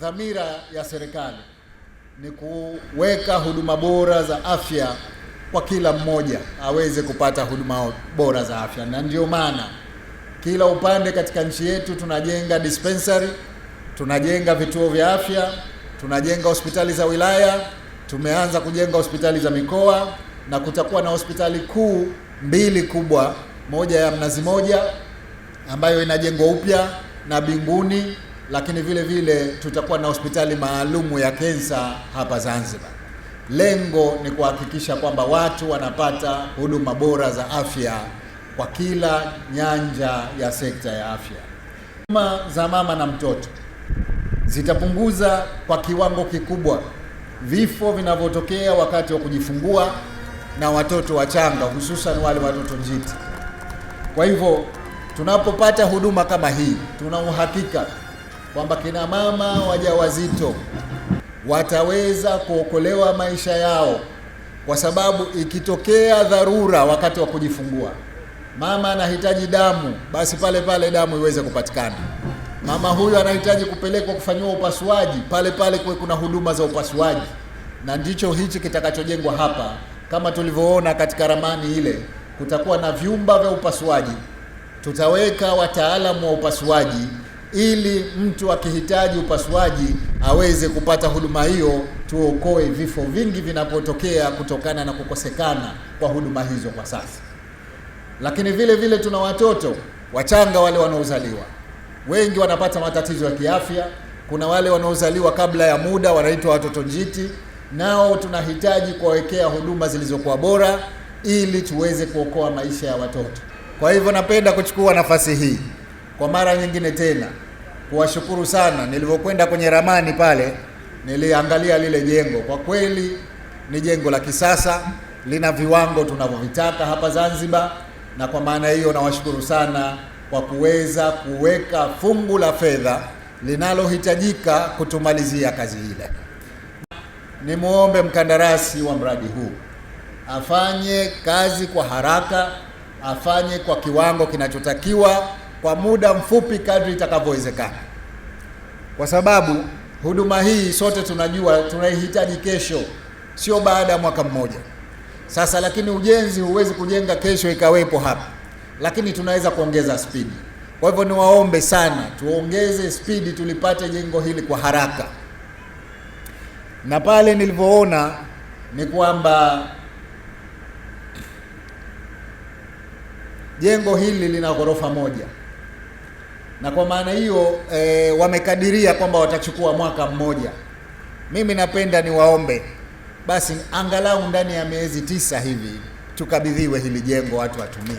dhamira ya serikali ni kuweka huduma bora za afya kwa kila mmoja aweze kupata huduma bora za afya, na ndio maana kila upande katika nchi yetu tunajenga dispensary, tunajenga vituo vya afya, tunajenga hospitali za wilaya, tumeanza kujenga hospitali za mikoa, na kutakuwa na hospitali kuu mbili kubwa, moja ya Mnazi Moja ambayo inajengwa upya na Binguni lakini vile vile tutakuwa na hospitali maalumu ya kensa hapa Zanzibar. Lengo ni kuhakikisha kwamba watu wanapata huduma bora za afya kwa kila nyanja ya sekta ya afya. Huduma za mama na mtoto zitapunguza kwa kiwango kikubwa vifo vinavyotokea wakati wa kujifungua na watoto wachanga, hususan wale watoto njiti. Kwa hivyo tunapopata huduma kama hii, tuna uhakika kwamba kina mama wajawazito wataweza kuokolewa maisha yao, kwa sababu ikitokea dharura wakati wa kujifungua, mama anahitaji damu, basi pale pale damu iweze kupatikana. Mama huyu anahitaji kupelekwa kufanyiwa upasuaji, pale pale kuwe kuna huduma za upasuaji, na ndicho hichi kitakachojengwa hapa. Kama tulivyoona katika ramani ile, kutakuwa na vyumba vya upasuaji, tutaweka wataalamu wa upasuaji ili mtu akihitaji upasuaji aweze kupata huduma hiyo, tuokoe vifo vingi vinapotokea kutokana na kukosekana kwa huduma hizo kwa sasa. Lakini vile vile tuna watoto wachanga wale wanaozaliwa, wengi wanapata matatizo ya kiafya. Kuna wale wanaozaliwa kabla ya muda, wanaitwa watoto njiti, nao tunahitaji kuwawekea huduma zilizokuwa bora ili tuweze kuokoa maisha ya watoto. Kwa hivyo napenda kuchukua nafasi hii kwa mara nyingine tena kuwashukuru sana. Nilivyokwenda kwenye ramani pale, niliangalia lile jengo, kwa kweli ni jengo la kisasa, lina viwango tunavyovitaka hapa Zanzibar, na kwa maana hiyo nawashukuru sana kwa kuweza kuweka fungu la fedha linalohitajika kutumalizia kazi ile. Nimwombe mkandarasi wa mradi huu afanye kazi kwa haraka, afanye kwa kiwango kinachotakiwa kwa muda mfupi kadri itakavyowezekana, kwa sababu huduma hii sote tunajua tunaihitaji kesho, sio baada ya mwaka mmoja. Sasa lakini ujenzi huwezi kujenga kesho ikawepo hapa, lakini tunaweza kuongeza spidi. Kwa hivyo niwaombe sana, tuongeze spidi tulipate jengo hili kwa haraka. Na pale nilivyoona ni kwamba jengo hili lina ghorofa moja na kwa maana hiyo e, wamekadiria kwamba watachukua mwaka mmoja. Mimi napenda niwaombe basi angalau ndani ya miezi tisa hivi tukabidhiwe hili jengo, watu watumie.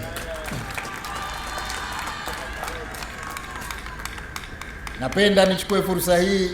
Napenda nichukue fursa hii